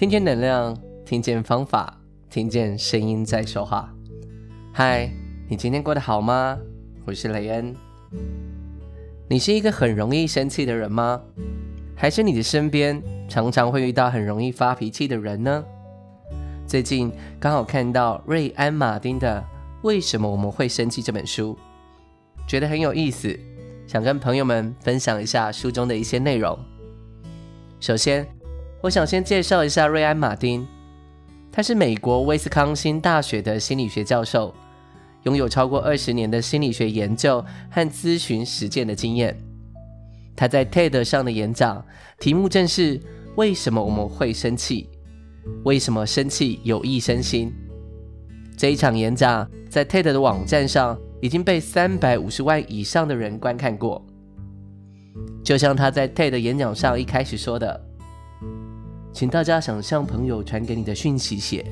聽見能量，聽見方法，聽見聲音在說話。嗨，你今天過得好嗎？我是雷恩。你是一個很容易生氣的人嗎？還是你的身邊常常會遇到很容易發脾氣的人呢？最近剛好看到瑞安·馬丁的《為什麼我們會生氣》這本書，覺得很有意思，想跟朋友們分享一下書中的一些內容。首先，我想先介紹一下瑞安·馬丁，他是美國威斯康星大學的心理學教授，擁有超過二十年的心理學研究和諮詢實踐的經驗。他在 TED 上的演講題目正是“為什麼我們會生氣？為什麼生氣有益身心？”這一場演講在 TED 的網站上已經被三百五十萬以上的人觀看過。就像他在 TED 演講上一開始說的。請大家想象朋友傳給你的訊息：寫，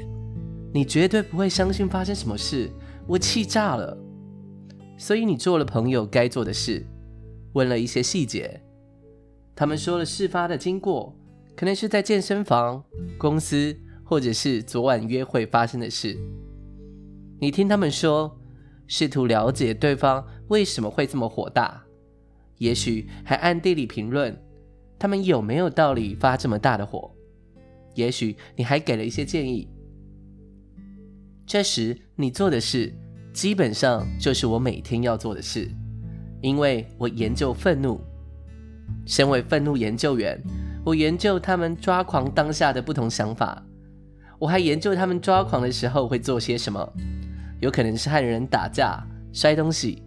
你絕對不會相信發生什麼事，我氣炸了。所以你做了朋友該做的事，問了一些細節。他們說了事發的經過，可能是在健身房、公司，或者是昨晚約會發生的事。你聽他們說，試圖了解對方為什麼會這麼火大，也許還暗地裡評論他們有沒有道理發這麼大的火。也許你還給了一些建議。這時你做的事，基本上就是我每天要做的事，因為我研究憤怒。身為憤怒研究員，我研究他們抓狂當下的不同想法。我還研究他們抓狂的時候會做些什麼，有可能是和人打架、摔東西，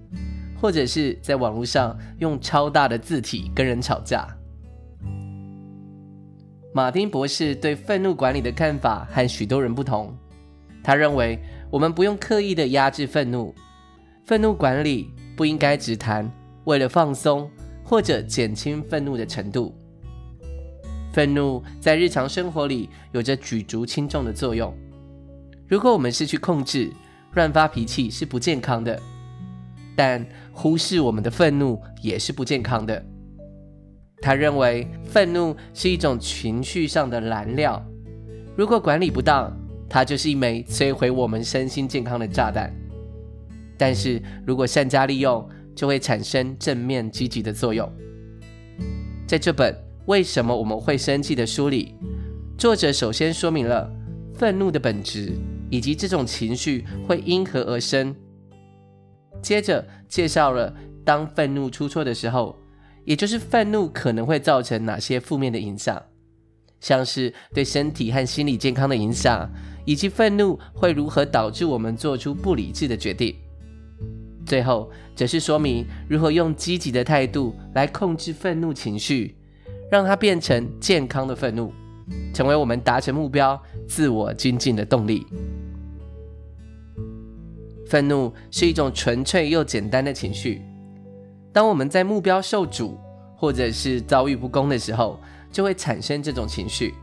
或者是在網絡上用超大的字體跟人吵架。馬丁博士對憤怒管理的看法和許多人不同。他認為，我們不用刻意的壓制憤怒。憤怒管理不應該只談為了放鬆或者減輕憤怒的程度。憤怒在日常生活裡有着舉足輕重的作用。如果我們失去控制、亂發脾氣是不健康的，但忽視我們的憤怒也是不健康的。他認為憤怒是一種情緒上的燃料，如果管理不當，它就是一枚摧毀我們身心健康的炸彈；但是如果善加利用，就會產生正面積極的作用。在這本《為什麼我們會生氣》的書裡，作者首先說明了憤怒的本質以及這種情緒會因何而生，接着介紹了當憤怒出錯的時候。也就是憤怒可能會造成哪些負面的影響，像是對身體和心理健康的影響，以及憤怒會如何導致我們做出不理智的決定。最後，則是說明如何用積極的態度來控制憤怒情緒，讓它變成健康的憤怒，成為我們達成目標、自我精進的動力。憤怒是一種純粹又簡單的情緒。當我們在目標受阻，或者是遭遇不公的時候，就會產生這種情緒。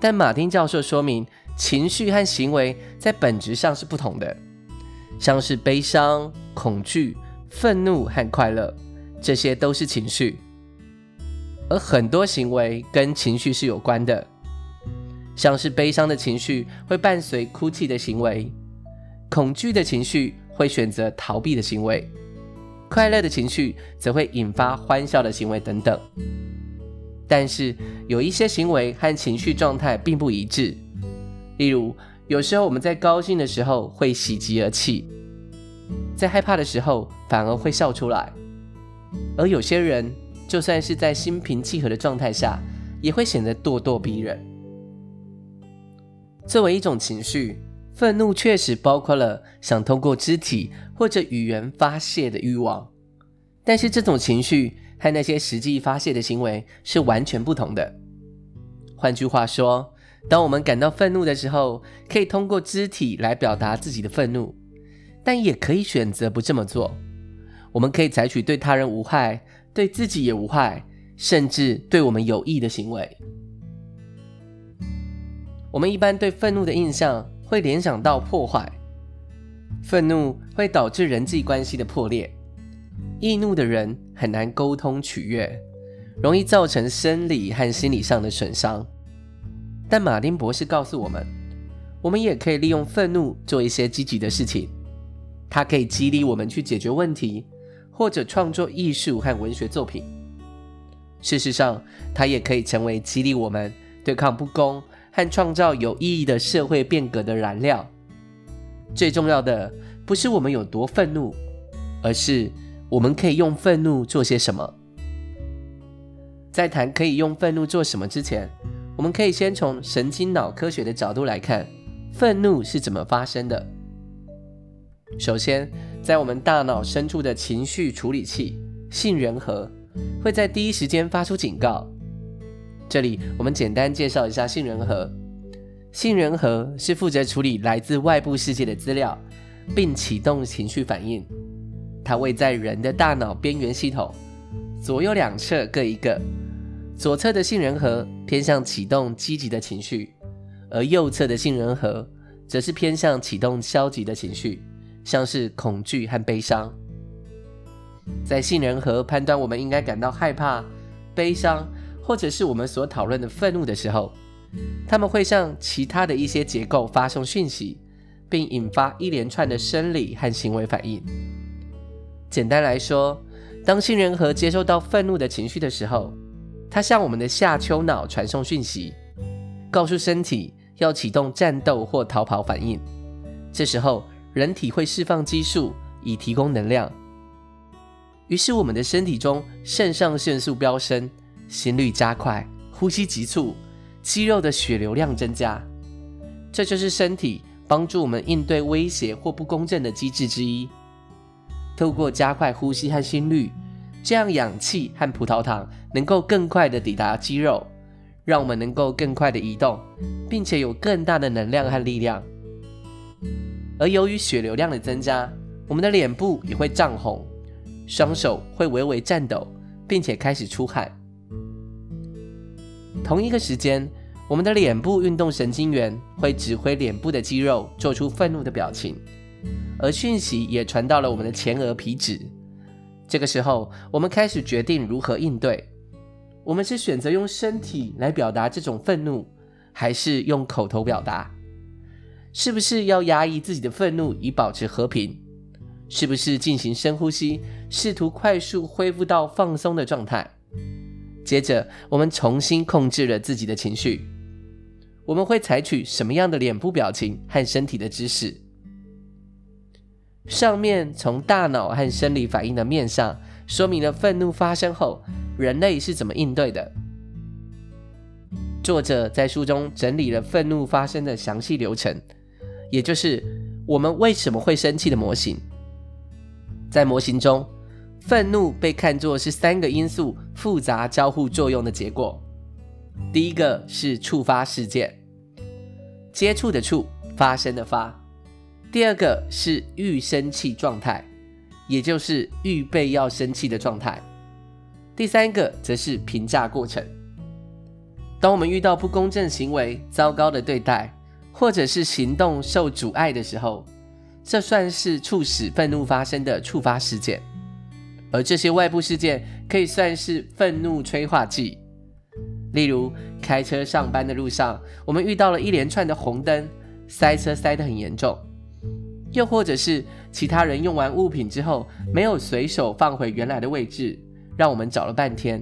但馬丁教授說明，情緒和行為在本質上是不同的。像是悲傷、恐懼、憤怒和快樂，這些都是情緒。而很多行為跟情緒是有關的，像是悲傷的情緒會伴隨哭泣的行為，恐懼的情緒會選擇逃避的行為。快樂的情緒則會引發歡笑的行為等等，但是有一些行為和情緒狀態並不一致。例如，有時候我們在高興的時候會喜極而泣，在害怕的時候反而會笑出來。而有些人就算是在心平氣和的狀態下，也會顯得咄咄逼人。作為一種情緒，憤怒確實包括了想通過肢體。或者語言發泄的欲望，但是這種情緒和那些實際發泄的行為是完全不同的。換句話說，當我們感到憤怒的時候，可以通過肢體來表達自己的憤怒，但也可以選擇不這麼做。我們可以採取對他人無害、對自己也無害，甚至對我們有益的行為。我們一般對憤怒的印象會聯想到破壞。憤怒會導致人際關係的破裂，易怒的人很難溝通取悅，容易造成生理和心理上的損傷。但馬丁博士告訴我們，我們也可以利用憤怒做一些積極的事情。它可以激勵我們去解決問題，或者創作藝術和文學作品。事實上，它也可以成為激勵我們對抗不公和創造有意義的社會變革的燃料。最重要的不是我們有多憤怒，而是我們可以用憤怒做些什麼。在談可以用憤怒做什麼之前，我們可以先從神經腦科學的角度來看，憤怒是怎麼發生的。首先，在我們大腦深處的情緒處理器杏仁核會在第一時間發出警告。這裡我們簡單介紹一下杏仁核。杏仁核是負責處理來自外部世界的資料，並啟動情緒反應。它位在人的大腦邊緣系統，左右兩側各一個。左側的杏仁核偏向啟動積極的情緒，而右側的杏仁核則是偏向啟動消極的情緒，像是恐懼和悲傷。在杏仁核判斷我們應該感到害怕、悲傷，或者是我們所討論的憤怒的時候，他們會向其他的一些結構發送訊息，並引發一連串的生理和行為反應。簡單來說，當杏仁核接收到憤怒的情緒的時候，它向我們的下丘腦傳送訊息，告訴身體要啟動戰鬥或逃跑反應。這時候，人體會釋放激素以提供能量。於是，我們的身體中腎上腺素飆升，心率加快，呼吸急促。肌肉的血流量增加，這就是身體幫助我們應對威脅或不公正的機制之一。透過加快呼吸和心率，這樣氧氣和葡萄糖能夠更快的抵達肌肉，讓我們能夠更快的移動，並且有更大的能量和力量。而由於血流量的增加，我們的臉部也會漲紅，雙手會微微顫抖，並且開始出汗。同一個時間，我們的臉部運動神經元會指揮臉部的肌肉做出憤怒的表情，而訊息也傳到了我們的前額皮質。這個時候，我們開始決定如何應對。我們是選擇用身體來表達這種憤怒，還是用口頭表達？是不是要壓抑自己的憤怒以保持和平？是不是進行深呼吸，試圖快速恢復到放鬆的狀態？接着，我們重新控制了自己的情緒。我們會採取什麼樣的臉部表情和身體的姿勢？上面從大腦和生理反應的面上，說明了憤怒發生後人類是怎麼應對的。作者在書中整理了憤怒發生的詳細流程，也就是我們為什麼會生氣的模型。在模型中，憤怒被看作是三個因素複雜交互作用的結果。第一個是觸發事件，接觸的觸，發生的發。第二個是預生氣狀態，也就是預備要生氣的狀態。第三個則是評價過程。當我們遇到不公正行為、糟糕的對待，或者是行動受阻礙的時候，這算是促使憤怒發生的觸發事件。而這些外部事件可以算是憤怒催化劑，例如開車上班的路上，我們遇到了一連串的紅燈，塞車塞得很嚴重；又或者是其他人用完物品之後沒有隨手放回原來的位置，讓我們找了半天；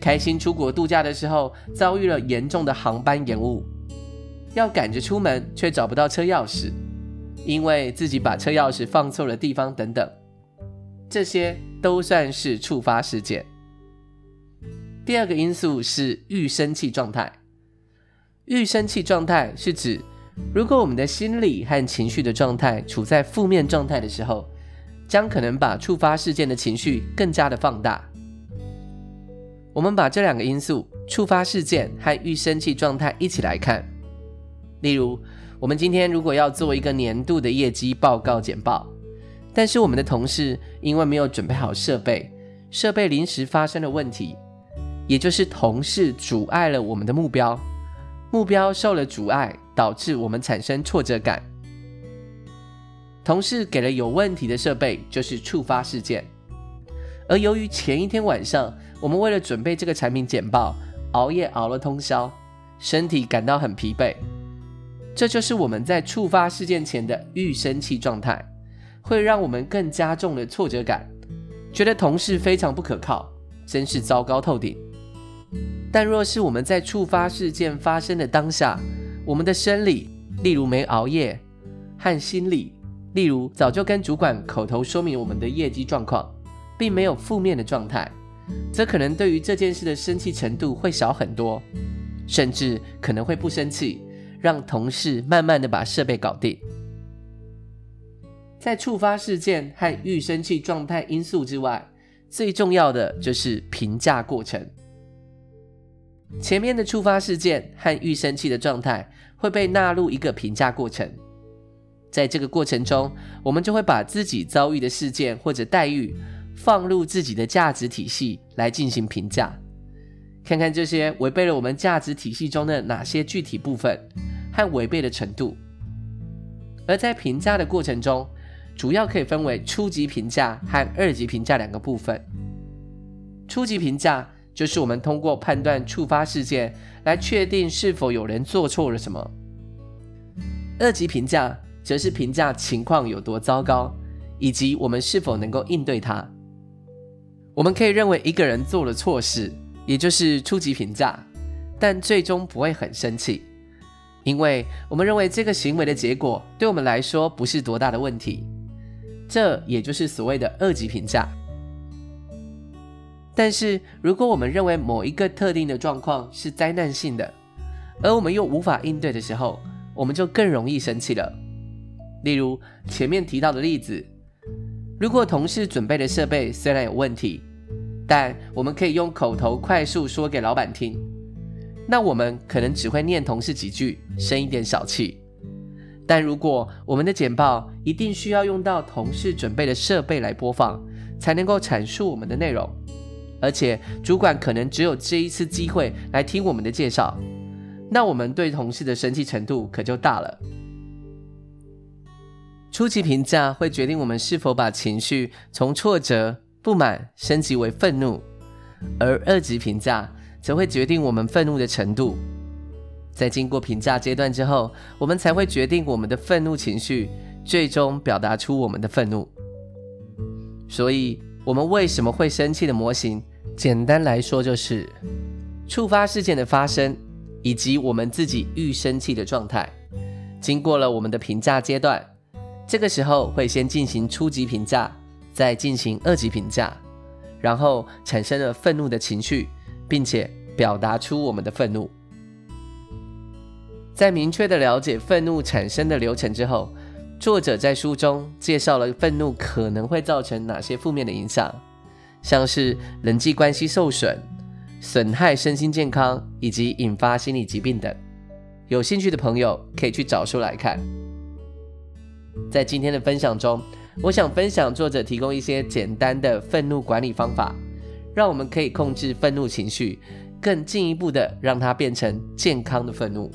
開心出國度假的時候，遭遇了嚴重的航班延誤，要趕着出門卻找不到車鑰匙，因為自己把車鑰匙放錯了地方等等。這些都算是觸發事件。第二個因素是預生氣狀態。預生氣狀態是指，如果我們的心理和情緒的狀態處在負面狀態的時候，將可能把觸發事件的情緒更加的放大。我們把這兩個因素——觸發事件和預生氣狀態一起來看。例如，我們今天如果要做一個年度的業績報告簡報。但是我們的同事，因為沒有準備好設備，設備臨時發生了問題，也就是同事阻礙了我們的目標，目標受了阻礙，導致我們產生挫折感。同事給了有問題的設備，就是觸發事件。而由於前一天晚上我們為了準備這個產品簡報，熬夜熬了通宵，身體感到很疲憊，這就是我們在觸發事件前的預生氣狀態。會讓我們更加重的挫折感，覺得同事非常不可靠，真是糟糕透頂。但若是我們在觸發事件發生的當下，我們的生理，例如沒熬夜，和心理，例如早就跟主管口頭說明我們的業績狀況，並沒有負面的狀態，則可能對於這件事的生氣程度會少很多，甚至可能會不生氣，讓同事慢慢的把設備搞定。在觸發事件和預生氣狀態因素之外，最重要的就是評價過程。前面的觸發事件和預生氣的狀態會被納入一個評價過程，在這個過程中，我們就會把自己遭遇的事件或者待遇放入自己的價值體系來進行評價，看看這些違背了我們價值體系中的哪些具體部分和違背的程度。而在評價的過程中，主要可以分為初級評價和二級評價兩個部分。初級評價就是我們通過判斷觸發事件來確定是否有人做錯了什麼。二級評價則是評價情況有多糟糕，以及我們是否能夠應對它。我們可以認為一個人做了錯事，也就是初級評價，但最終不會很生氣，因為我們認為這個行為的結果對我們來說不是多大的問題。這也就是所謂的二級評價。但是，如果我們認為某一個特定的狀況是災難性的，而我們又無法應對的時候，我們就更容易生氣了。例如前面提到的例子，如果同事準備的設備雖然有問題，但我們可以用口頭快速說給老板聽，那我們可能只會念同事幾句，生一點小氣。但如果我們的簡報一定需要用到同事準備的設備來播放，才能夠闡述我們的內容，而且主管可能只有這一次機會來聽我們的介紹，那我們對同事的生氣程度可就大了。初級評價會決定我們是否把情緒從挫折、不滿升級為憤怒，而二級評價則則會決定我們憤怒的程度。在經過評價階段之後，我們才會決定我們的憤怒情緒，最終表達出我們的憤怒。所以，我們為什麼會生氣的模型，簡單來說就是觸發事件的發生，以及我們自己預生氣的狀態，經過了我們的評價階段。這個時候會先進行初級評價，再進行二級評價，然後產生了憤怒的情緒，並且表達出我們的憤怒。在明確的了解憤怒產生的流程之後，作者在書中介紹了憤怒可能會造成哪些負面的影響，像是人際關係受損、損害身心健康以及引發心理疾病等。有興趣的朋友可以去找書來看。在今天的分享中，我想分享作者提供一些簡單的憤怒管理方法，讓我們可以控制憤怒情緒，更進一步的讓它變成健康的憤怒。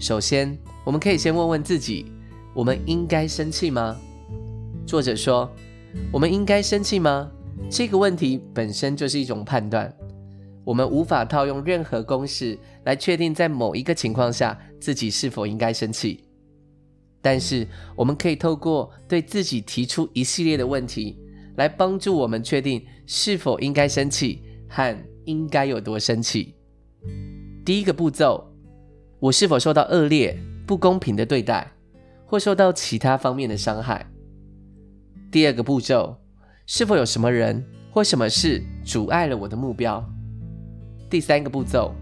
首先，我們可以先問問自己：我們應該生氣嗎？作者說：“我們應該生氣嗎？”這個問題本身就是一種判斷。我們無法套用任何公式來確定在某一個情況下自己是否應該生氣。但是，我們可以透過對自己提出一系列的問題，來幫助我們確定是否應該生氣和應該有多生氣。第一個步驟。我是否受到惡劣、不公平的對待，或受到其他方面的傷害？第二個步驟，是否有什麼人或什麼事阻礙了我的目標？第三個步驟，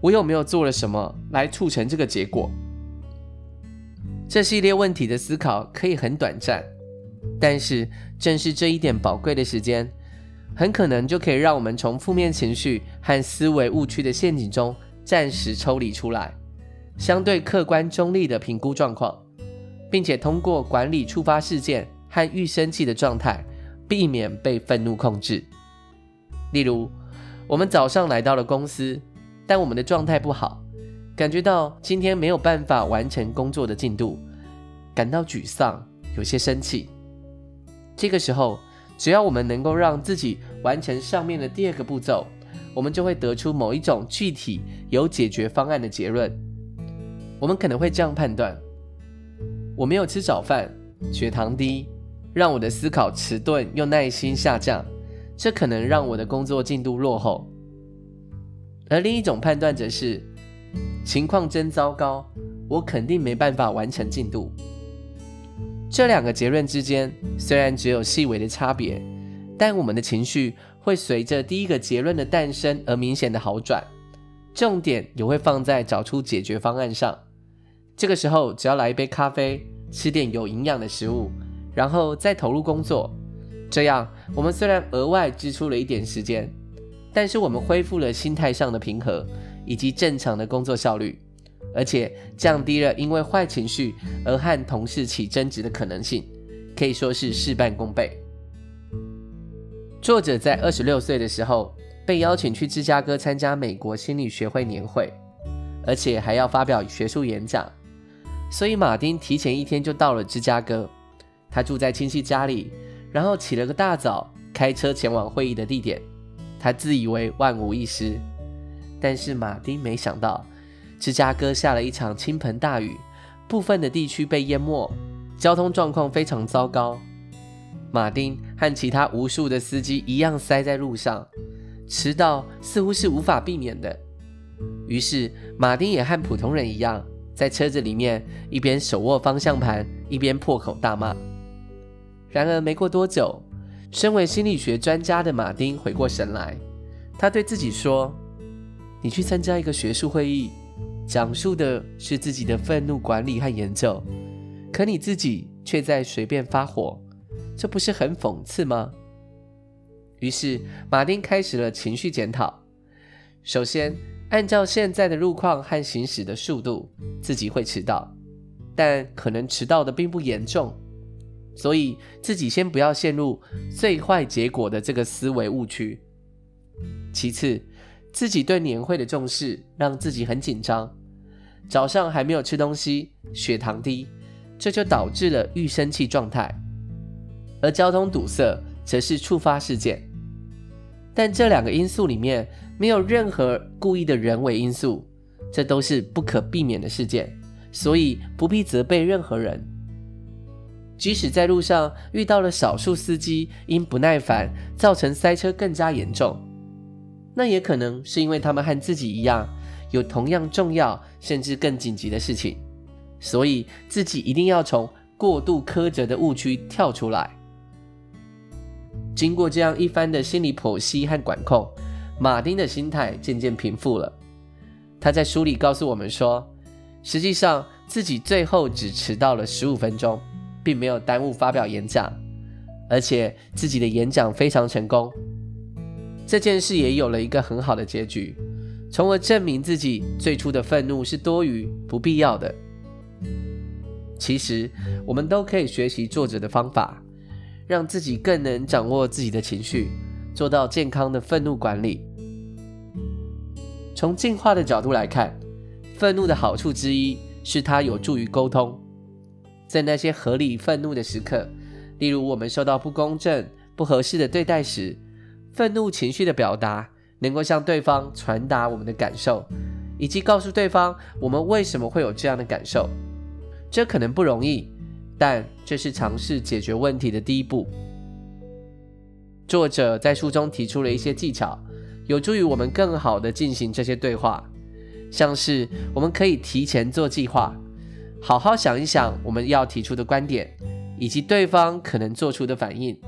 我有沒有做了什麼來促成這個結果？這系列問題的思考可以很短暫，但是正是這一點寶貴的時間，很可能就可以讓我們從負面情緒和思維誤區的陷阱中暫時抽離出來。相對客觀中立的評估狀況，並且通過管理觸發事件和預生氣的狀態，避免被憤怒控制。例如，我們早上來到了公司，但我們的狀態不好，感覺到今天沒有辦法完成工作的進度，感到沮喪，有些生氣。這個時候，只要我們能夠讓自己完成上面的第二個步驟，我們就會得出某一種具體有解決方案的結論。我們可能會這樣判斷：我沒有吃早飯，血糖低，讓我的思考遲鈍又耐心下降，這可能讓我的工作進度落後。而另一種判斷則是：情況真糟糕，我肯定沒辦法完成進度。這兩個結論之間雖然只有細微的差別，但我們的情緒會隨着第一個結論的誕生而明顯的好轉，重點也會放在找出解決方案上。這個時候，只要來一杯咖啡，吃點有營養的食物，然後再投入工作。這樣，我們雖然額外支出了一點時間，但是我們恢復了心態上的平和，以及正常的工作效率，而且降低了因為壞情緒而和同事起爭執的可能性，可以說是事半功倍。作者在二十六歲的時候被邀請去芝加哥參加美國心理學會年會，而且還要發表學術演講。所以，馬丁提前一天就到了芝加哥，他住在親戚家裡，然後起了個大早，開車前往會議的地點。他自以為萬無一失，但是馬丁沒想到，芝加哥下了一場傾盆大雨，部分的地區被淹沒，交通狀況非常糟糕。馬丁和其他無數的司機一樣，塞在路上，遲到似乎是無法避免的。於是，馬丁也和普通人一樣。在車子裡面，一邊手握方向盤，一邊破口大罵。然而沒過多久，身為心理學專家的馬丁回過神來，他對自己說：“你去參加一個學術會議，講述的是自己的憤怒管理和研究，可你自己卻在隨便發火，這不是很諷刺嗎？”於是，馬丁開始了情緒檢討。首先，按照現在的路況和行駛的速度，自己會遲到，但可能遲到的並不嚴重，所以自己先不要陷入最壞結果的這個思維誤區。其次，自己對年會的重視讓自己很緊張，早上還沒有吃東西，血糖低，這就導致了預生氣狀態，而交通堵塞則是觸發事件。但這兩個因素裡面。沒有任何故意的人為因素，這都是不可避免的事件，所以不必責備任何人。即使在路上遇到了少數司機因不耐煩造成塞車更加嚴重，那也可能是因為他們和自己一樣，有同樣重要甚至更緊急的事情，所以自己一定要從過度苛責的誤區跳出來。經過這樣一番的心理剖析和管控。馬丁的心態漸漸平復了。他在書裡告訴我們說，實際上自己最後只遲到了十五分鐘，並沒有耽誤發表演講，而且自己的演講非常成功。這件事也有了一個很好的結局，從而證明自己最初的憤怒是多餘不必要的。其實，我們都可以學習作者的方法，讓自己更能掌握自己的情緒，做到健康的憤怒管理。從進化的角度來看，憤怒的好處之一是它有助於溝通。在那些合理憤怒的時刻，例如我們受到不公正、不合適的對待時，憤怒情緒的表達能夠向對方傳達我們的感受，以及告訴對方我們為什麼會有這樣的感受。這可能不容易，但這是嘗試解決問題的第一步。作者在書中提出了一些技巧。有助於我們更好地進行這些對話，像是我們可以提前做計劃，好好想一想我們要提出的觀點，以及對方可能做出的反應。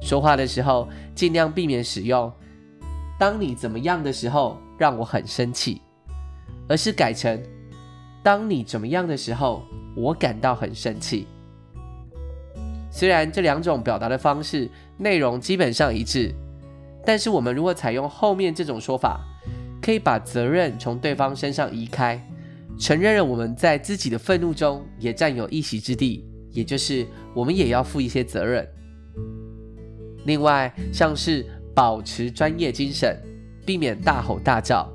說話的時候儘量避免使用“當你怎麼樣的時候讓我很生氣”，而是改成“當你怎麼樣的時候我感到很生氣”。雖然這兩種表達的方式內容基本上一致。但是，我們如果採用後面這種說法，可以把責任從對方身上移開，承認了我們在自己的憤怒中也占有一席之地，也就是我們也要負一些責任。另外，像是保持專業精神，避免大吼大叫，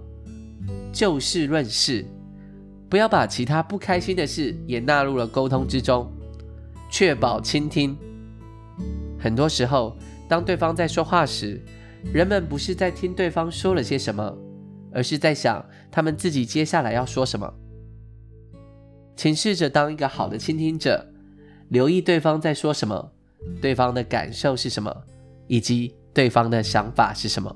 就事論事，不要把其他不開心的事也納入了溝通之中，確保傾聽。很多時候，當對方在說話時，人們不是在聽對方說了些什麼，而是在想他們自己接下來要說什麼。請試着當一個好的傾聽者，留意對方在說什麼，對方的感受是什麼，以及對方的想法是什麼。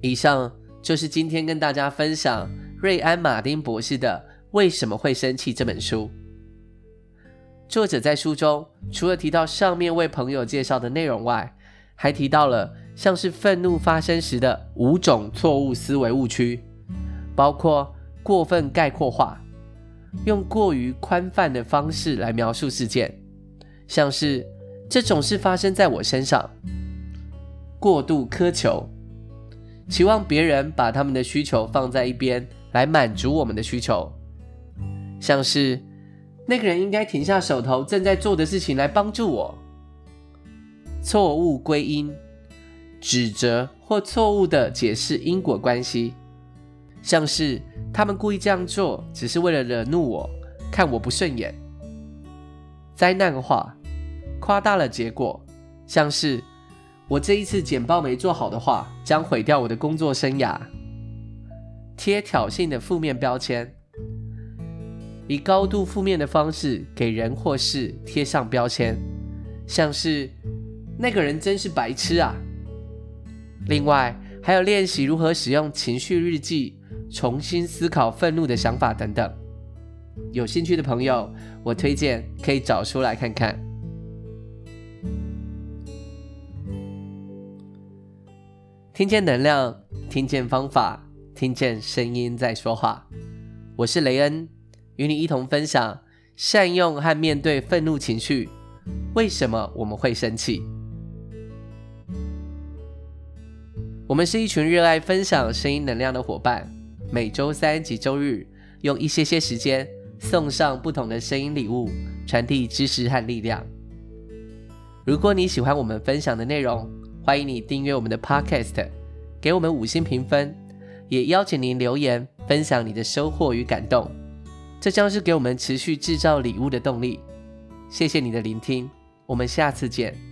以上就是今天跟大家分享瑞安·馬丁博士的《為什麼會生氣》這本書。作者在書中除了提到上面為朋友介紹的內容外，還提到了像是憤怒發生時的五種錯誤思維誤區，包括過分概括化，用過於寬泛的方式來描述事件，像是這種事發生在我身上；過度苛求，期望別人把他們的需求放在一邊來滿足我們的需求，像是。那個人應該停下手頭正在做的事情來幫助我。錯誤歸因，指責或錯誤的解釋因果關係，像是他們故意這樣做，只是為了惹怒我，看我不順眼。災難化，誇大了結果，像是我這一次簡報沒做好的話，將毀掉我的工作生涯。貼挑釁的負面標籤。以高度負面的方式給人或事貼上標籤，像是那個人真是白痴啊。另外，還有練習如何使用情緒日記，重新思考憤怒的想法等等。有興趣的朋友，我推薦可以找出來看看。聽見能量，聽見方法，聽見聲音在說話。我是雷恩。與你一同分享，善用和面對憤怒情緒。為什麼我們會生氣？我們是一群熱愛分享聲音能量的夥伴。每周三及周日，用一些些時間送上不同的聲音禮物，傳遞知識和力量。如果你喜歡我們分享的內容，歡迎你訂閱我們的 Podcast，給我們五星評分，也邀請您留言，分享你的收穫與感動。這將是給我們持續製造禮物的動力。謝謝你的聆聽，我們下次見。